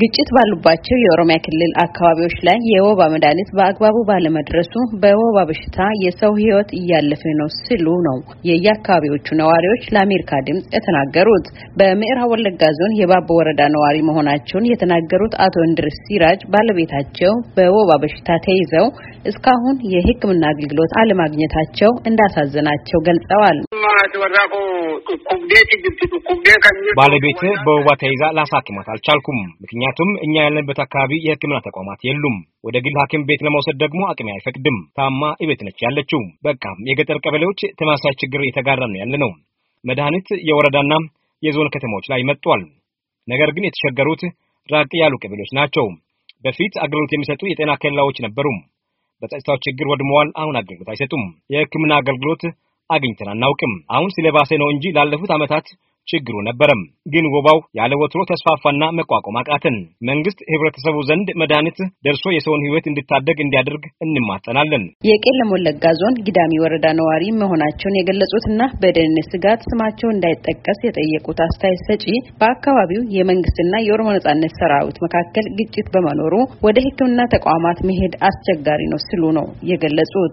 ግጭት ባሉባቸው የኦሮሚያ ክልል አካባቢዎች ላይ የወባ መድኃኒት በአግባቡ ባለመድረሱ በወባ በሽታ የሰው ሕይወት እያለፈ ነው ሲሉ ነው የየአካባቢዎቹ ነዋሪዎች ለአሜሪካ ድምፅ የተናገሩት። በምዕራብ ወለጋ ዞን የባቦ ወረዳ ነዋሪ መሆናቸውን የተናገሩት አቶ እንድርስ ሲራጅ ባለቤታቸው በወባ በሽታ ተይዘው እስካሁን የሕክምና አገልግሎት አለማግኘታቸው እንዳሳዘናቸው ገልጸዋል። ባለቤት በወባ ተይዛ ላሳክማት አልቻልኩም። ምክንያቱም እኛ ያለንበት አካባቢ የሕክምና ተቋማት የሉም። ወደ ግል ሐኪም ቤት ለመውሰድ ደግሞ አቅሜ አይፈቅድም። ታማ እቤት ነች ያለችው። በቃ የገጠር ቀበሌዎች ተመሳሳይ ችግር እየተጋራ ነው ያለ ነው። መድኃኒት የወረዳና የዞን ከተሞች ላይ መጥቷል። ነገር ግን የተቸገሩት ራቅ ያሉ ቀበሌዎች ናቸው። በፊት አገልግሎት የሚሰጡ የጤና ኬላዎች ነበሩ። በጸጥታው ችግር ወድመዋል። አሁን አገልግሎት አይሰጡም። የሕክምና አገልግሎት አግኝተን አናውቅም። አሁን ስለባሰ ነው እንጂ ላለፉት ዓመታት ችግሩ ነበረም። ግን ወባው ያለ ወትሮ ተስፋፋና መቋቋም አቃተን። መንግስት ህብረተሰቡ ዘንድ መድኃኒት ደርሶ የሰውን ህይወት እንዲታደግ እንዲያደርግ እንማጸናለን። የቄለም ወለጋ ዞን ጊዳሚ ወረዳ ነዋሪ መሆናቸውን የገለጹትና በደህንነት ስጋት ስማቸው እንዳይጠቀስ የጠየቁት አስተያየት ሰጪ በአካባቢው የመንግስትና የኦሮሞ ነጻነት ሰራዊት መካከል ግጭት በመኖሩ ወደ ህክምና ተቋማት መሄድ አስቸጋሪ ነው ሲሉ ነው የገለጹት።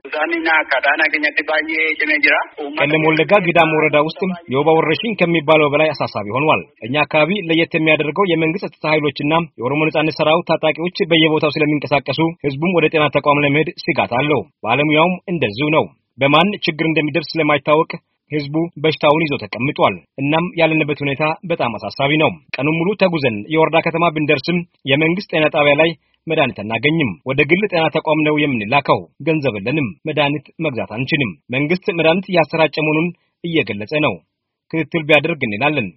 ቀለም ወለጋ ጊዳሚ ወረዳ ውስጥ የወባ ወረርሽኝ ከሚባለው ከሚታሰበው በላይ አሳሳቢ ሆኗል። እኛ አካባቢ ለየት የሚያደርገው የመንግስት ጸጥታ ኃይሎችና የኦሮሞ ነጻነት ሰራዊት ታጣቂዎች በየቦታው ስለሚንቀሳቀሱ ህዝቡም ወደ ጤና ተቋም ለመሄድ ስጋት አለው። ባለሙያውም እንደዚሁ ነው። በማን ችግር እንደሚደርስ ስለማይታወቅ ህዝቡ በሽታውን ይዞ ተቀምጧል። እናም ያለንበት ሁኔታ በጣም አሳሳቢ ነው። ቀኑን ሙሉ ተጉዘን የወረዳ ከተማ ብንደርስም የመንግስት ጤና ጣቢያ ላይ መድኃኒት አናገኝም። ወደ ግል ጤና ተቋም ነው የምንላከው። ገንዘብ የለንም። መድኃኒት መግዛት አንችልም። መንግስት መድኃኒት እያሰራጨ መሆኑን እየገለጸ ነው። ክትትል ቢያደርግ እንላለን።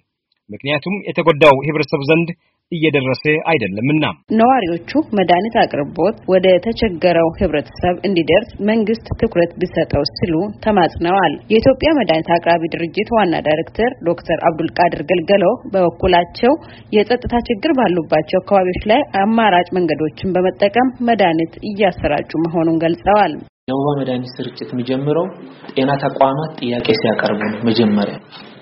ምክንያቱም የተጎዳው ህብረተሰብ ዘንድ እየደረሰ አይደለምና ነዋሪዎቹ መድኃኒት አቅርቦት ወደ ተቸገረው ህብረተሰብ እንዲደርስ መንግስት ትኩረት ቢሰጠው ሲሉ ተማጽነዋል። የኢትዮጵያ መድኃኒት አቅራቢ ድርጅት ዋና ዳይሬክተር ዶክተር አብዱልቃድር ገልገሎ በበኩላቸው የጸጥታ ችግር ባሉባቸው አካባቢዎች ላይ አማራጭ መንገዶችን በመጠቀም መድኃኒት እያሰራጩ መሆኑን ገልጸዋል። የወባ መድኃኒት ስርጭት የሚጀምረው ጤና ተቋማት ጥያቄ ሲያቀርቡ ነው መጀመሪያ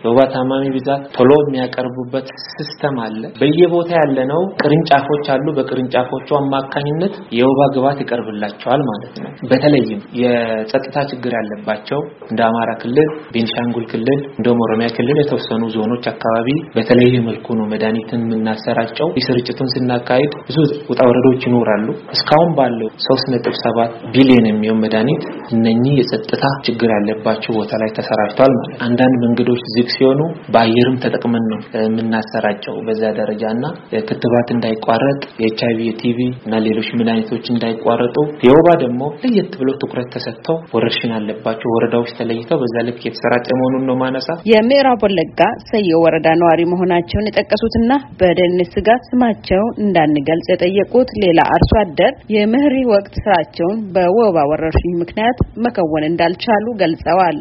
ለወባ ታማሚ ብዛት ቶሎ የሚያቀርቡበት ሲስተም አለ። በየቦታ ያለነው ቅርንጫፎች አሉ። በቅርንጫፎቹ አማካኝነት የወባ ግብዓት ይቀርብላቸዋል ማለት ነው። በተለይም የጸጥታ ችግር ያለባቸው እንደ አማራ ክልል፣ ቤንሻንጉል ክልል፣ እንደውም ኦሮሚያ ክልል የተወሰኑ ዞኖች አካባቢ በተለየ መልኩ ነው መድኃኒትን የምናሰራጨው። ስርጭቱን ስናካሄድ ብዙ ውጣ ወረዶች ይኖራሉ። እስካሁን ባለው 3.7 ቢሊዮን የሚሆን መድኃኒት እነኚህ የጸጥታ ችግር ያለባቸው ቦታ ላይ ተሰራጭቷል ማለት አንዳንድ መንገዶች ዝግ ትልቅ ሲሆኑ በአየርም ተጠቅመን ነው የምናሰራጨው በዛ ደረጃ እና ክትባት እንዳይቋረጥ የኤች አይቪ የቲቪ እና ሌሎች መድኃኒቶች እንዳይቋረጡ የወባ ደግሞ ለየት ብሎ ትኩረት ተሰጥተው ወረርሽን አለባቸው ወረዳዎች ተለይተው በዛ ልክ የተሰራጨ መሆኑን ነው ማነሳ። የምዕራብ ወለጋ ሰየ ወረዳ ነዋሪ መሆናቸውን የጠቀሱትና በደህንነት ስጋት ስማቸው እንዳንገልጽ የጠየቁት ሌላ አርሶ አደር የምህሪ ወቅት ስራቸውን በወባ ወረርሽኝ ምክንያት መከወን እንዳልቻሉ ገልጸዋል።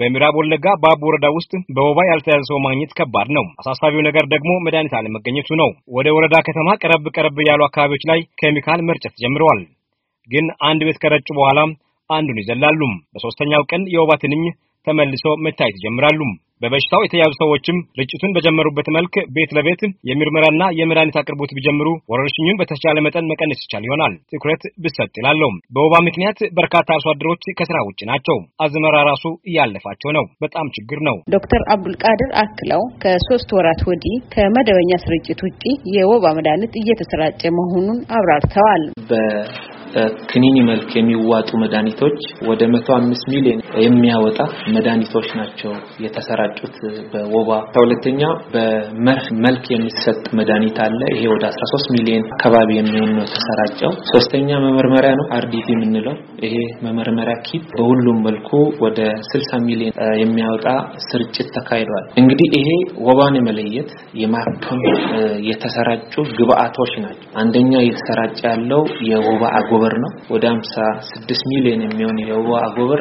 በምዕራብ ወለጋ ባብ ወረዳ ውስጥ በወባ ያልተያዘ ሰው ማግኘት ከባድ ነው። አሳሳቢው ነገር ደግሞ መድኃኒት አለመገኘቱ ነው። ወደ ወረዳ ከተማ ቀረብ ቀረብ ያሉ አካባቢዎች ላይ ኬሚካል መርጨት ጀምረዋል። ግን አንድ ቤት ከረጩ በኋላ አንዱን ይዘላሉ። በሶስተኛው ቀን የወባ ትንኝ ተመልሶ መታየት ይጀምራሉ። በበሽታው የተያዙ ሰዎችም ርጭቱን በጀመሩበት መልክ ቤት ለቤት የምርመራና የመድኃኒት አቅርቦት ቢጀምሩ ወረርሽኙን በተቻለ መጠን መቀነስ ይቻል ይሆናል። ትኩረት ብሰጥ ይላለው። በወባ ምክንያት በርካታ አርሶ አደሮች ከስራ ውጭ ናቸው። አዝመራ ራሱ እያለፋቸው ነው። በጣም ችግር ነው። ዶክተር አብዱልቃድር አክለው ከሶስት ወራት ወዲህ ከመደበኛ ስርጭት ውጭ የወባ መድኃኒት እየተሰራጨ መሆኑን አብራርተዋል። በክኒኒ መልክ የሚዋጡ መድኃኒቶች ወደ መቶ አምስት ሚሊዮን የሚያወጣ መድኃኒቶች ናቸው የተሰራጩት በወባ። ከሁለተኛ በመርህ መልክ የሚሰጥ መድኃኒት አለ። ይሄ ወደ 13 ሚሊዮን አካባቢ የሚሆን ነው የተሰራጨው። ሶስተኛ መመርመሪያ ነው አርዲቲ የምንለው። ይሄ መመርመሪያ ኪት በሁሉም መልኩ ወደ 60 ሚሊዮን የሚያወጣ ስርጭት ተካሂዷል። እንግዲህ ይሄ ወባን የመለየት የማከም የተሰራጩ ግብአቶች ናቸው። አንደኛ እየተሰራጨ ያለው የወባ አጎበር ነው። ወደ 56 ሚሊዮን የሚሆን የወባ አጎበር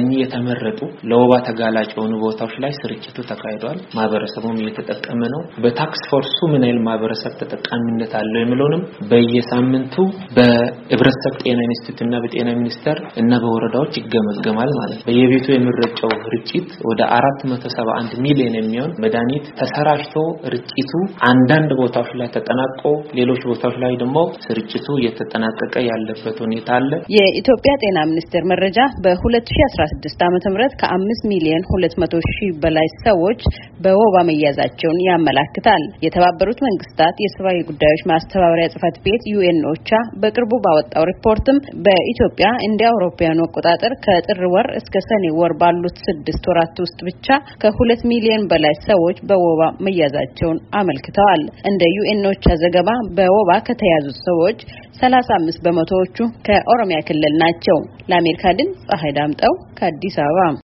እነኚህ የተመረጡ ለወባ ተጋላጭ የሆኑ ቦታዎች ላይ ስርጭቱ ተካሂዷል። ማህበረሰቡም እየተጠቀመ ነው። በታክስ ፎርሱ ምን ያህል ማህበረሰብ ተጠቃሚነት አለው የሚለውንም በየሳምንቱ በህብረተሰብ ጤና ኢንስቲትዩት እና በጤና ሚኒስቴር እና በወረዳዎች ይገመገማል ማለት ነው። በየቤቱ የሚረጨው ርጭት ወደ 471 ሚሊዮን የሚሆን መድኃኒት ተሰራጭቶ ርጭቱ አንዳንድ ቦታዎች ላይ ተጠናቆ ሌሎች ቦታዎች ላይ ደግሞ ስርጭቱ እየተጠናቀቀ ያለበት ሁኔታ አለ። የኢትዮጵያ ጤና ሚኒስቴር መረጃ በ2015 2016 ዓመተ ምህረት ከአምስት ሚሊዮን 200 ሺህ በላይ ሰዎች በወባ መያዛቸውን ያመላክታል። የተባበሩት መንግስታት የሰብአዊ ጉዳዮች ማስተባበሪያ ጽህፈት ቤት ዩኤን ኦቻ በቅርቡ ባወጣው ሪፖርትም በኢትዮጵያ እንደ አውሮፓውያኑ አቆጣጠር ከጥር ወር እስከ ሰኔ ወር ባሉት ስድስት ወራት ውስጥ ብቻ ከሁለት ሚሊዮን በላይ ሰዎች በወባ መያዛቸውን አመልክተዋል። እንደ ዩኤን ኦቻ ዘገባ በወባ ከተያዙት ሰዎች 35 በመቶዎቹ ከኦሮሚያ ክልል ናቸው። ለአሜሪካ ድምፅ ፀሐይ ዳምጠው ከአዲስ አበባ